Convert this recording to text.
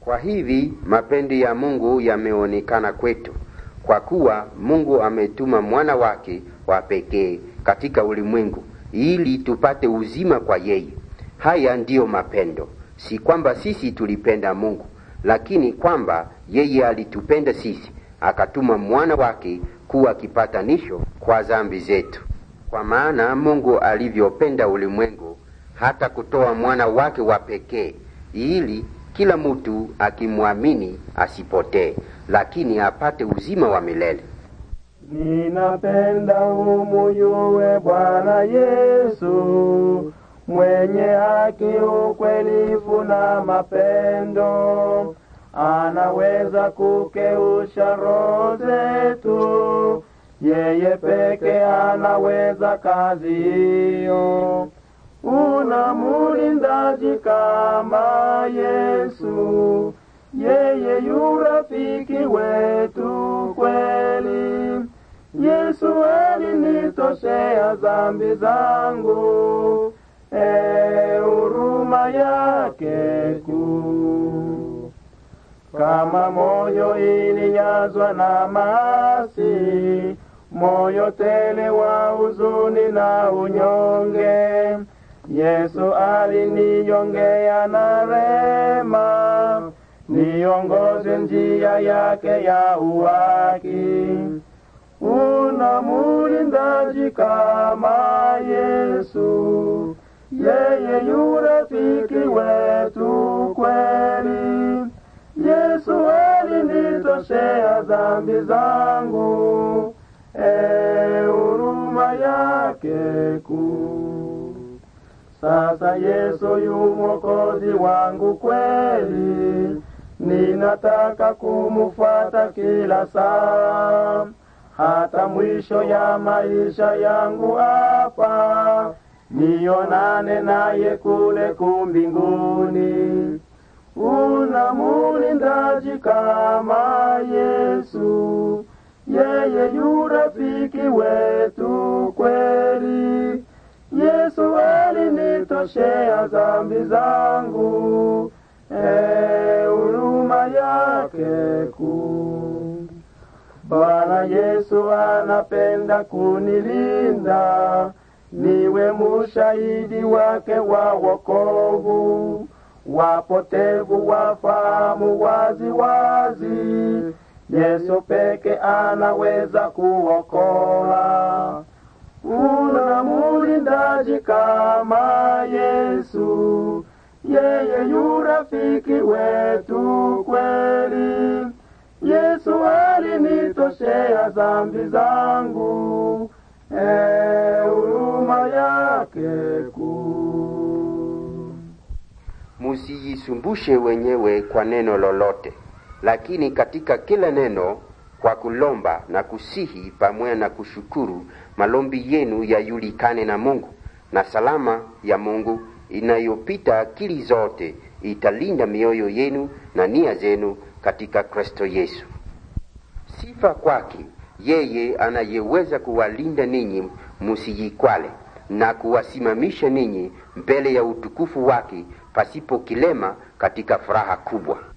Kwa hivi mapendi ya Mungu yameonekana kwetu, kwa kuwa Mungu ametuma mwana wake wa pekee katika ulimwengu ili tupate uzima kwa yeye. Haya ndiyo mapendo, si kwamba sisi tulipenda Mungu, lakini kwamba yeye alitupenda sisi, akatuma mwana wake kuwa kipatanisho kwa dhambi zetu. Kwa maana Mungu alivyopenda ulimwengu hata kutoa mwana wake wa pekee ili kila mtu akimwamini asipotee, lakini apate uzima wa milele. Ninapenda umuyuwe Bwana Yesu, mwenye haki, ukwelifu na mapendo. Anaweza kukeusha roho zetu, yeye peke anaweza kazi hiyo. Unamu mchungaji kama Yesu, yeye yu rafiki wetu kweli. Yesu alinitoshea dhambi zangu, e huruma yake kuu. Kama moyo ilijazwa na maasi, moyo tele wa huzuni na unyonge Yesu aliniongea na rema, niongoze njia yake ya uwaki. Una mulindaji kama Yesu, yeye yu rafiki wetu kweli. Yesu alinitoshea dhambi zangu, e huruma yake kuu. Sasa Yesu yu mwokozi wangu kweli, ninataka kumufata kila saa, hata mwisho ya maisha yangu hapa, nionane naye kule kumbinguni. Una mulindaji kama Yesu, yeye yu rafiki wetu kweli. kunionyoshea dhambi zangu, e huruma yake kuu. Bwana Yesu anapenda kunilinda, niwe mushahidi wake wa wokovu. Wapotevu wafahamu wazi wazi, Yesu peke anaweza kuokoa kama Yesu, yeye yu rafiki wetu kweli. Yesu alinitoshea dhambi zangu, e, huruma yake ku Musijisumbushe wenyewe kwa neno lolote, lakini katika kila neno kwa kulomba na kusihi pamoja na kushukuru, malombi yenu yajulikane na Mungu na salama ya Mungu inayopita akili zote italinda mioyo yenu na nia zenu katika Kristo Yesu. Sifa kwake yeye anayeweza kuwalinda ninyi msijikwale na kuwasimamisha ninyi mbele ya utukufu wake pasipo kilema katika furaha kubwa.